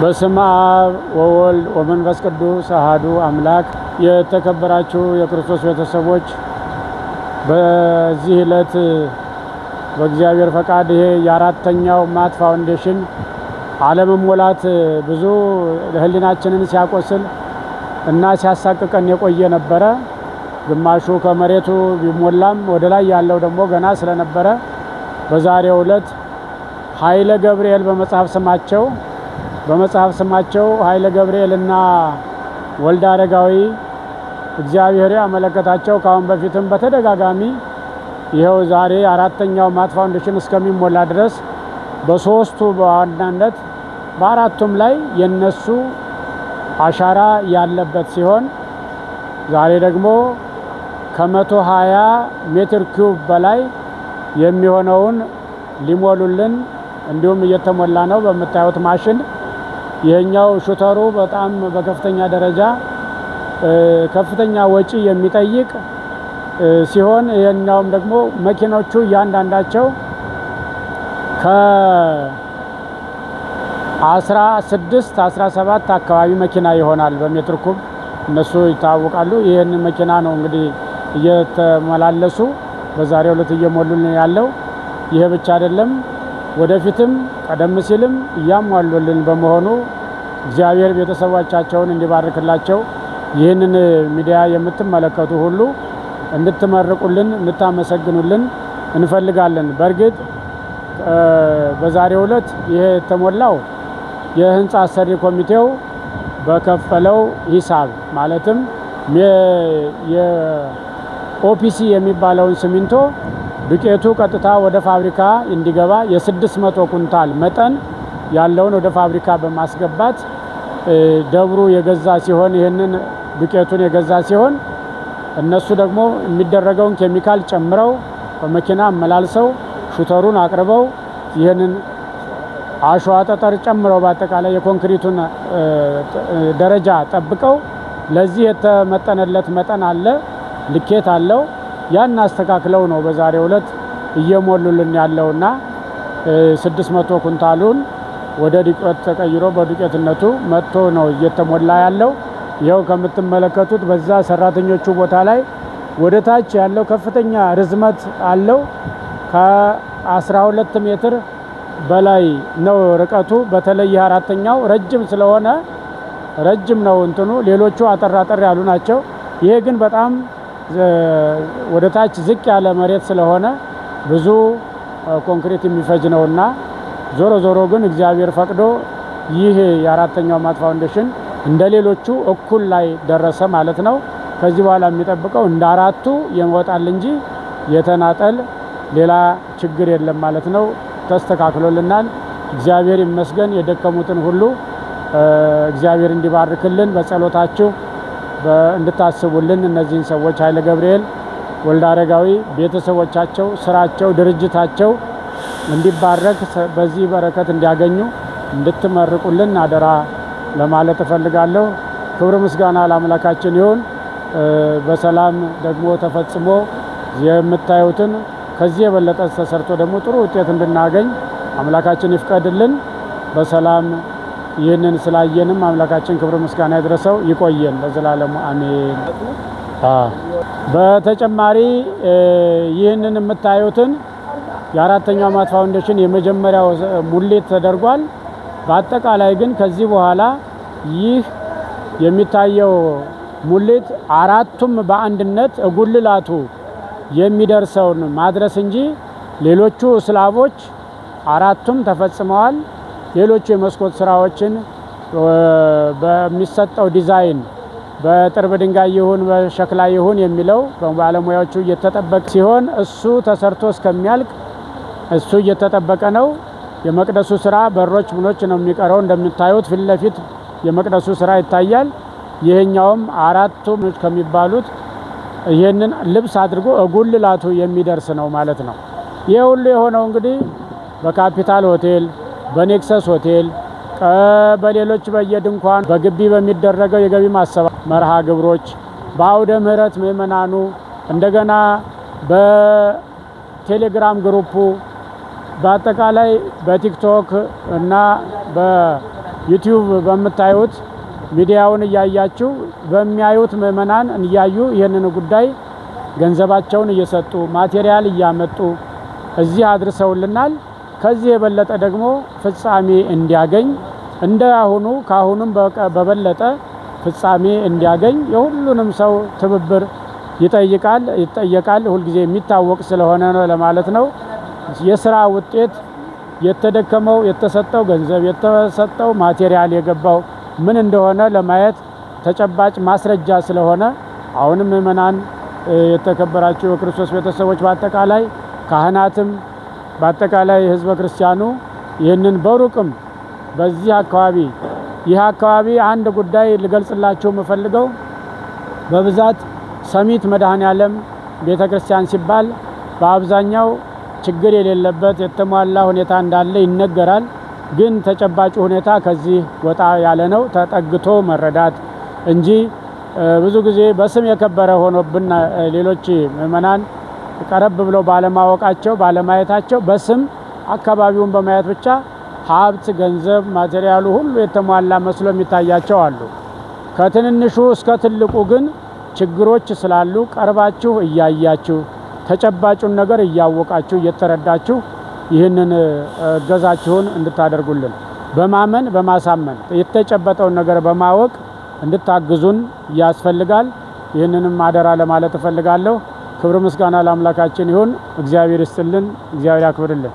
በስምአብ አብ ወወልድ ወመንፈስ ቅዱስ አሃዱ አምላክ። የተከበራችሁ የክርስቶስ ቤተሰቦች በዚህ ዕለት በእግዚአብሔር ፈቃድ ይሄ የአራተኛው ማት ፋውንዴሽን አለመሞላት ብዙ ሕሊናችንን ሲያቆስል እና ሲያሳቅቀን የቆየ ነበረ። ግማሹ ከመሬቱ ቢሞላም ወደ ላይ ያለው ደግሞ ገና ስለነበረ በዛሬው ዕለት ኃይለ ገብርኤል በመጽሐፍ ስማቸው በመጽሐፍ ስማቸው ኃይለ ገብርኤል እና ወልደ አረጋዊ እግዚአብሔር ያመለከታቸው ከአሁን በፊትም በተደጋጋሚ ይኸው ዛሬ አራተኛው ማት ፋውንዴሽን እስከሚሞላ ድረስ በሶስቱ በዋናነት በአራቱም ላይ የነሱ አሻራ ያለበት ሲሆን ዛሬ ደግሞ ከመቶ ሀያ ሜትር ኪዩብ በላይ የሚሆነውን ሊሞሉልን እንዲሁም እየተሞላ ነው በምታዩት ማሽን ይህኛው ሹተሩ በጣም በከፍተኛ ደረጃ ከፍተኛ ወጪ የሚጠይቅ ሲሆን ይህኛውም ደግሞ መኪኖቹ እያንዳንዳቸው ከ16 17 አካባቢ መኪና ይሆናል በሜትር ኩብ እነሱ ይታወቃሉ። ይህን መኪና ነው እንግዲህ እየተመላለሱ በዛሬው ዕለት እየሞሉልን ያለው። ይሄ ብቻ አይደለም። ወደፊትም ቀደም ሲልም እያሟሉልን በመሆኑ እግዚአብሔር ቤተሰቦቻቸውን እንዲባርክላቸው ይህንን ሚዲያ የምትመለከቱ ሁሉ እንድትመርቁልን፣ እንድታመሰግኑልን እንፈልጋለን። በእርግጥ በዛሬው ዕለት ይሄ የተሞላው የህንፃ አሰሪ ኮሚቴው በከፈለው ሂሳብ ማለትም የኦፒሲ የሚባለውን ሲሚንቶ ዱቄቱ ቀጥታ ወደ ፋብሪካ እንዲገባ የ600 ኩንታል መጠን ያለውን ወደ ፋብሪካ በማስገባት ደብሩ የገዛ ሲሆን ይህንን ዱቄቱን የገዛ ሲሆን እነሱ ደግሞ የሚደረገውን ኬሚካል ጨምረው በመኪና አመላልሰው ሹተሩን አቅርበው ይህንን አሸዋ ጠጠር ጨምረው በአጠቃላይ የኮንክሪቱን ደረጃ ጠብቀው ለዚህ የተመጠነለት መጠን አለ፣ ልኬት አለው። ያን አስተካክለው ነው በዛሬው ዕለት እየሞሉልን ያለውና 600 ኩንታሉን ወደ ዱቄት ተቀይሮ በዱቄትነቱ መጥቶ ነው እየተሞላ ያለው። ይኸው ከምትመለከቱት በዛ ሰራተኞቹ ቦታ ላይ ወደ ታች ያለው ከፍተኛ ርዝመት አለው። ከ12 ሜትር በላይ ነው ርቀቱ። በተለይ አራተኛው ረጅም ስለሆነ ረጅም ነው እንትኑ። ሌሎቹ አጠር አጠር ያሉ ናቸው። ይሄ ግን በጣም ወደ ታች ዝቅ ያለ መሬት ስለሆነ ብዙ ኮንክሪት የሚፈጅ ነውና ዞሮ ዞሮ ግን እግዚአብሔር ፈቅዶ ይህ የአራተኛው ማት ፋውንዴሽን እንደ ሌሎቹ እኩል ላይ ደረሰ ማለት ነው። ከዚህ በኋላ የሚጠብቀው እንደ አራቱ ይወጣል እንጂ የተናጠል ሌላ ችግር የለም ማለት ነው። ተስተካክሎልናል። እግዚአብሔር ይመስገን። የደከሙትን ሁሉ እግዚአብሔር እንዲባርክልን በጸሎታችሁ እንድታስቡልን እነዚህን ሰዎች ኃይለ ገብርኤል ወልደ አረጋዊ ቤተሰቦቻቸው፣ ስራቸው፣ ድርጅታቸው እንዲባረክ በዚህ በረከት እንዲያገኙ እንድትመርቁልን አደራ ለማለት እፈልጋለሁ። ክብር ምስጋና ለአምላካችን ይሁን። በሰላም ደግሞ ተፈጽሞ የምታዩትን ከዚህ የበለጠ ተሰርቶ ደግሞ ጥሩ ውጤት እንድናገኝ አምላካችን ይፍቀድልን። በሰላም ይህንን ስላየንም አምላካችን ክብር ምስጋና ይድረሰው፣ ይቆየን ለዘላለሙ አሜን። በተጨማሪ ይህንን የምታዩትን የአራተኛው ማት ፋውንዴሽን የመጀመሪያው ሙሌት ተደርጓል። በአጠቃላይ ግን ከዚህ በኋላ ይህ የሚታየው ሙሌት አራቱም በአንድነት ጉልላቱ የሚደርሰውን ማድረስ እንጂ ሌሎቹ ስላቦች አራቱም ተፈጽመዋል። ሌሎች የመስኮት ስራዎችን በሚሰጠው ዲዛይን በጥርብ ድንጋይ ይሁን በሸክላ ይሁን የሚለው በባለሙያዎቹ እየተጠበቀ ሲሆን እሱ ተሰርቶ እስከሚያልቅ እሱ እየተጠበቀ ነው። የመቅደሱ ስራ በሮች ምኖች ነው የሚቀረው። እንደምታዩት ፊት ለፊት የመቅደሱ ስራ ይታያል። ይህኛውም አራቱ ምኖች ከሚባሉት ይህንን ልብስ አድርጎ እጉልላቱ የሚደርስ ነው ማለት ነው። ይህ ሁሉ የሆነው እንግዲህ በካፒታል ሆቴል በኔክሰስ ሆቴል በሌሎች በየድንኳን በግቢ በሚደረገው የገቢ ማሰባ መርሃ ግብሮች በአውደ ምህረት ምእመናኑ እንደገና በቴሌግራም ግሩፑ በአጠቃላይ በቲክቶክ እና በዩቲዩብ በምታዩት ሚዲያውን እያያችሁ በሚያዩት ምእመናን እያዩ ይህንን ጉዳይ ገንዘባቸውን እየሰጡ ማቴሪያል እያመጡ እዚህ አድርሰውልናል። ከዚህ የበለጠ ደግሞ ፍጻሜ እንዲያገኝ እንደ አሁኑ ከአሁኑም በበለጠ ፍጻሜ እንዲያገኝ የሁሉንም ሰው ትብብር ይጠይቃል ይጠየቃል። ሁልጊዜ የሚታወቅ ስለሆነ ነው ለማለት ነው። የስራ ውጤት የተደከመው የተሰጠው ገንዘብ የተሰጠው ማቴሪያል የገባው ምን እንደሆነ ለማየት ተጨባጭ ማስረጃ ስለሆነ አሁንም ምእመናን የተከበራቸው የክርስቶስ ቤተሰቦች በአጠቃላይ ካህናትም በአጠቃላይ ህዝበ ክርስቲያኑ ይህንን በሩቅም በዚህ አካባቢ ይህ አካባቢ አንድ ጉዳይ ልገልጽላቸው የምፈልገው በብዛት ሰሚት መድኃኔ ዓለም ቤተ ክርስቲያን ሲባል በአብዛኛው ችግር የሌለበት የተሟላ ሁኔታ እንዳለ ይነገራል። ግን ተጨባጭ ሁኔታ ከዚህ ወጣ ያለ ነው። ተጠግቶ መረዳት እንጂ ብዙ ጊዜ በስም የከበረ ሆኖብን ሌሎች ምእመናን ቀረብ ብለው ባለማወቃቸው ባለማየታቸው በስም አካባቢውን በማየት ብቻ ሀብት፣ ገንዘብ፣ ማቴሪያሉ ሁሉ የተሟላ መስሎ የሚታያቸው አሉ። ከትንንሹ እስከ ትልቁ ግን ችግሮች ስላሉ ቀርባችሁ እያያችሁ ተጨባጩን ነገር እያወቃችሁ እየተረዳችሁ ይህንን እገዛችሁን እንድታደርጉልን በማመን በማሳመን የተጨበጠውን ነገር በማወቅ እንድታግዙን ያስፈልጋል። ይህንንም አደራ ለማለት እፈልጋለሁ። ክብር ምስጋና ለአምላካችን ይሁን። እግዚአብሔር ይስጥልን፣ እግዚአብሔር ያክብርልን።